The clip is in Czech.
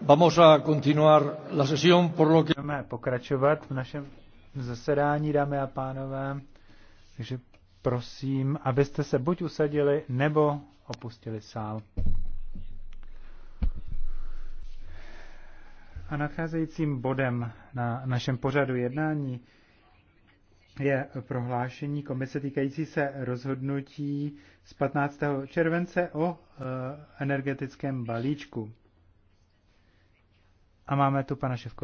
Vamos a continuar la sesión, por lo que... Budeme pokračovat v našem zasedání, dámy a pánové. Takže prosím, abyste se buď usadili, nebo opustili sál. A nadcházejícím bodem na našem pořadu jednání je prohlášení komise týkající se rozhodnutí z 15. července o e, energetickém balíčku. A máme tu pana Ševko.